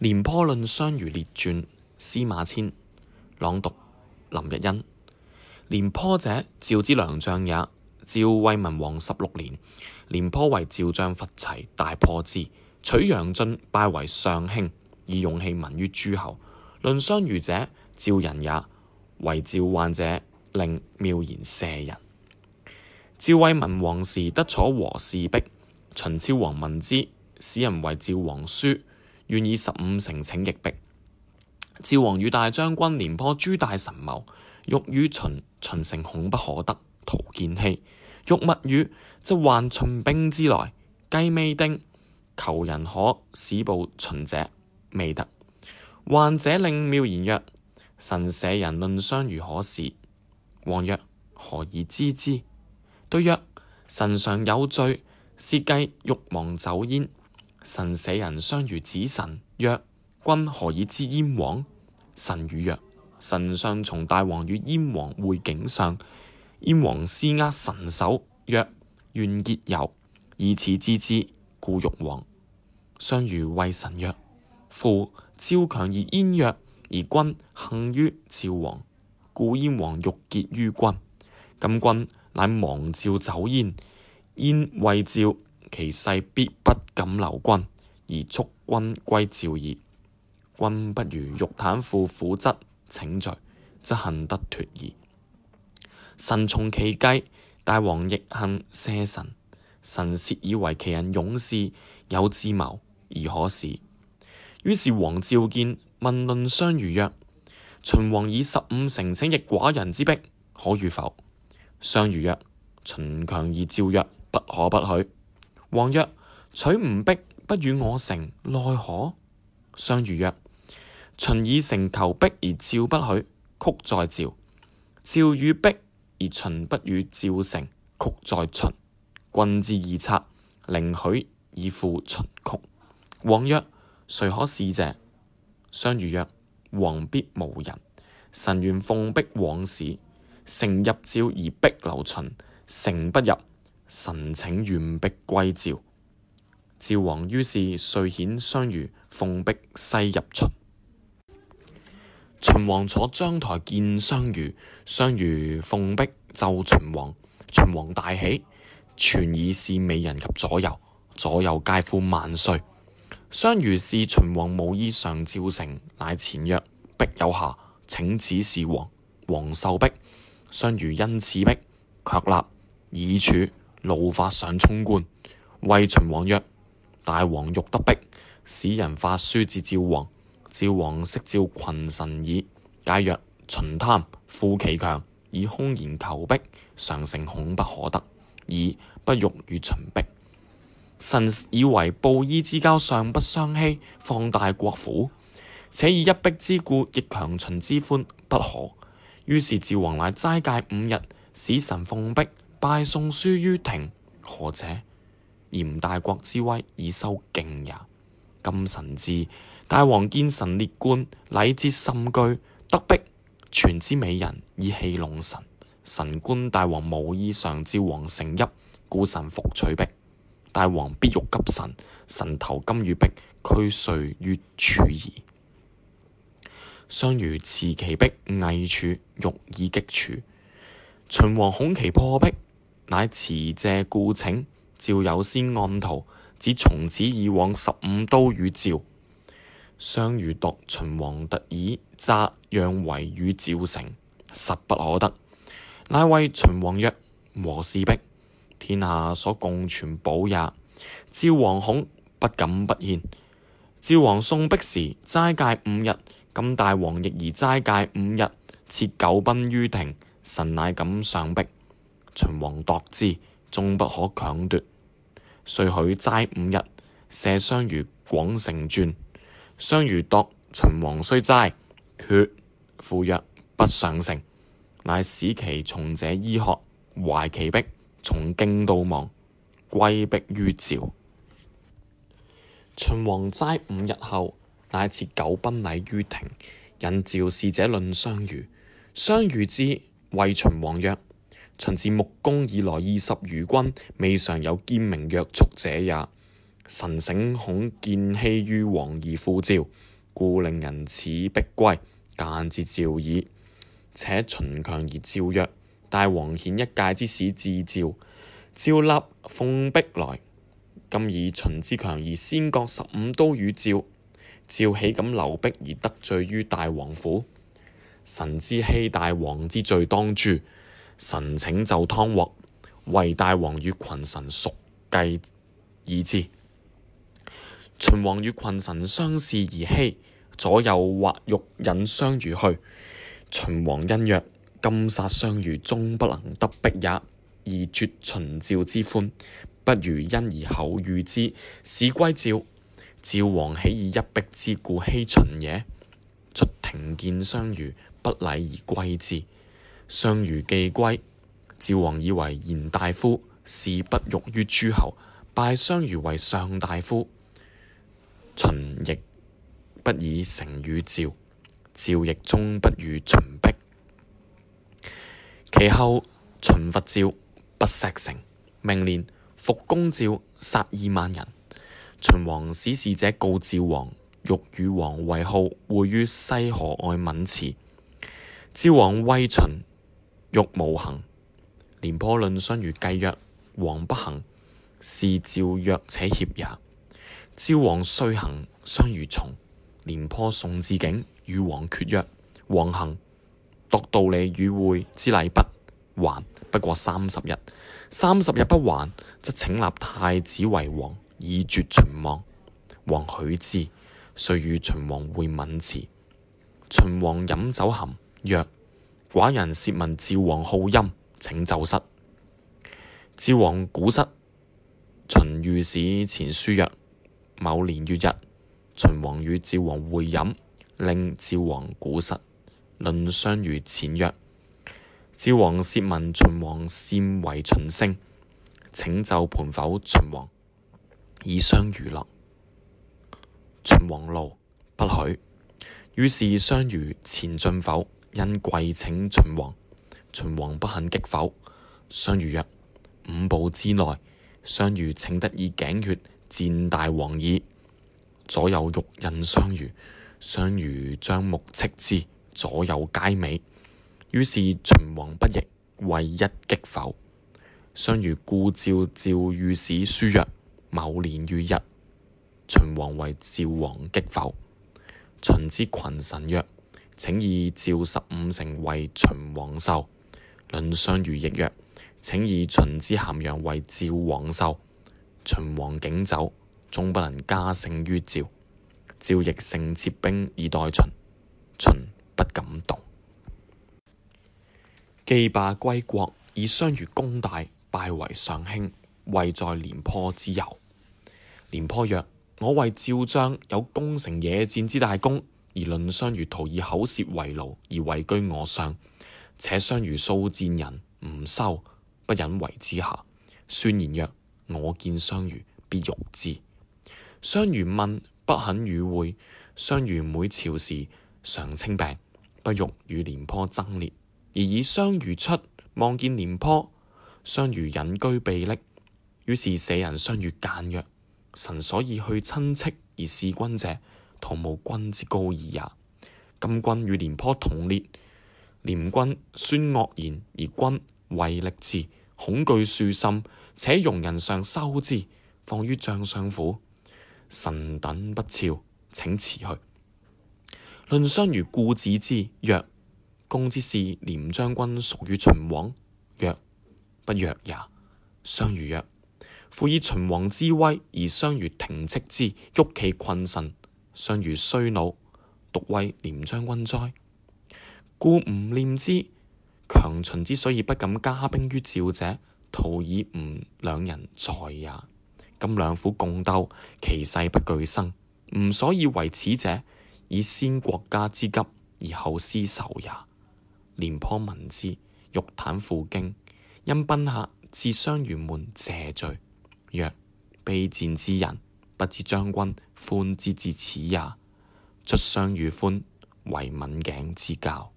《廉頗藺相如列傳》，司馬遷朗讀林日欣。廉頗者，趙之良將也。趙惠文王十六年，廉頗為趙將，伐齊，大破之，取陽晉，拜為上卿，以勇氣聞於諸侯。藺相如者，趙人也。為趙宦者令繆賢舍人。趙惠文王時，得楚和氏璧。秦昭王聞之，使人遺趙王書。願以十五城請易璧。趙王與大將軍廉頗諸大臣謀，欲與秦秦城，恐不可得，徒見欺。欲勿與，則患秦兵之來，計未定。求人可使報秦者，未得。患者令妙言曰：臣舍人論相如何是？王曰：何以知之？對曰：臣常有罪，設計欲亡走焉。臣舍人相如子，臣，曰：君何以知燕王？臣語曰：臣上從大王與燕王會境上，燕王施扼臣手，曰：願結友，以此知之，之。故欲王。相如謂臣曰：父趙強而燕弱，而君幸於趙王，故燕王欲結於君。今君乃亡趙走燕，燕畏趙。其勢必不敢留君，而促君歸趙矣。君不如肉坦負苦質，請罪，則幸得脫矣。臣從其計，大王亦幸赦臣。臣竊以為其人勇士，有智謀而可使。於是王召見問論相如曰：秦王以十五成，請亦寡人之璧，可與否？相如曰：秦強而趙弱，不可不許。王曰：取吾璧，不與我城，奈何？相如曰：秦以城求璧而趙不許，曲在趙；趙與璧而秦不與趙城，曲在秦。均之二策，寧許以負秦曲。王曰：誰可使者？相如曰：王必無人。臣願奉璧往使，城入趙而璧留秦，城不入。臣請完璧歸趙，趙王於是遂遣相如奉璧西入秦。秦王坐章臺見相如，相如奉璧奏秦王，秦王大喜，傳以示美人及左右，左右皆呼萬歲。相如視秦王無意上趙城，乃前曰：璧有瑕，請指示王。王受璧，相如因此璧，卻立以處。怒發上衝冠，為秦王曰：大王欲得璧，使人發書至趙王。趙王悉召群臣議，皆曰：秦貪，負其強，以空言求璧，常成恐不可得，以不欲與秦璧。臣以為布衣之交尚不相欺，放大國府，且以一璧之故，亦強秦之歡，不可。於是趙王乃齋戒五日，使臣奉璧。拜送書於庭，何者？嚴大國之威以修敬也。今臣至，大王見臣列觀，禮節甚倨，得璧，傳之美人，以戲弄臣。臣觀大王無意償趙王城邑，故臣服取璧。大王必欲急臣，臣頭今與璧俱碎於柱矣。相如持其璧，睨柱，欲以擊柱。秦王恐其破璧。乃辭謝故請，趙有先案圖，指從此以往十五都與趙，相如度。秦王特以詐讓為與趙成，實不可得。乃謂秦王曰：和氏璧，天下所共傳寶也。趙王恐，不敢不獻。趙王送璧時，齋戒五日。今大王亦而齋戒五日，設九賓於庭，臣乃敢上璧。秦王度之，終不可強奪，遂許齋五日。射相如廣成傳，相如度，秦王雖齋，決負約不償城，乃使其從者衣學懷其璧，從京道亡，歸璧於趙。秦王齋五日後，乃設九賓禮於庭，引趙使者論相如。相如之謂秦王曰。秦自穆公以來，二十餘君未嘗有堅明約束者也。臣誠恐見欺於王而負趙，故令人持璧歸，間至趙矣，且秦強而趙弱，大王遣一介之使至趙，趙立奉璧來。今以秦之強而先割十五都與趙，趙豈敢留璧而得罪於大王乎？臣之欺大王之罪當誅。臣請就湯鑊，為大王與群臣熟計而之。秦王與群臣相視而嘻，左右或欲引相如去。秦王因曰：今殺相如，終不能得璧也，而絕秦趙之歡，不如因而厚遇之，使歸趙。趙王豈以一璧之故欺秦也。卒庭見相如，不禮而歸之。相如既歸，趙王以為賢大夫，是不辱於諸侯，拜相如為上大夫。秦亦不以城與趙，趙亦終不與秦璧。其後，秦伐趙，不石城。明年，復攻趙，殺二萬人。秦王使使者告趙王，欲與王為好，會於西河外澠池。趙王威秦。欲無行，廉頗藺相如計曰：王不行，示趙弱且怯也。趙王雖行，相如從。廉頗送至境，與王決約：王行，度道理與會之禮不還。不過三十日，三十日不還，則請立太子為王，以絕秦望。王許之。遂與秦王會澠池。秦王飲酒酣，曰：寡人竊聞趙王好音，請奏瑟。趙王鼓瑟，秦御史前書曰：某年月日，秦王與趙王會飲，令趙王鼓瑟。藺相如前曰。趙王竊聞秦王善為秦聲，請奏盆缻秦？秦王以相娛樂。秦王怒，不許。於是相如前進缻？因跪請秦王，秦王不肯擊否。相如曰：五步之內，相如請得以頸血戰大王矣。左右玉印相如，相如將目斥之，左右皆美。於是秦王不迎，為一擊否。相如故召趙，趙御史書曰，某年月日，秦王為趙王擊否。秦之群臣曰。請以趙十五城為秦王壽。論相如亦曰：請以秦之咸陽為趙王壽。」秦王景走，終不能加勝於趙。趙亦勝，撤兵以待秦，秦不敢動。既罷歸國，以相如功大，拜為上卿，位在廉頗之右。廉頗曰：我為趙將，有攻城野戰之大功。而論相如徒以口舌為勞，而位居我上，且相如素賤人，吾收不忍為之下。宣言曰：我見相如必辱之。相如問不肯與會。相如每朝時常稱病，不欲與廉頗爭列，而以相如出望見廉頗，相如隱居避匿。於是舍人相如諫曰：臣所以去親戚而事君者。徒無君之高義也。今君與廉頗同列，廉君宣惡言，而君畏力字，恐懼殊心，且容人上收之，放於將相府。臣等不肖，請辭去。論相如故子之曰：公之事廉將軍屬於秦王，曰不若也。相如曰：負以秦王之威而相如停斥之，喐其困臣。相如衰老，獨為廉將軍哉，故吾念之。強秦之所以不敢加兵於趙者，徒以吾兩人在也。今兩虎共鬥，其勢不俱生。吾所以為此者，以先國家之急而後私仇也。廉頗聞之，肉袒負荊，因賓客至相如門謝罪，曰：卑賤之人。不知將軍寬之至此也，卒相與歡，為刎頸之交。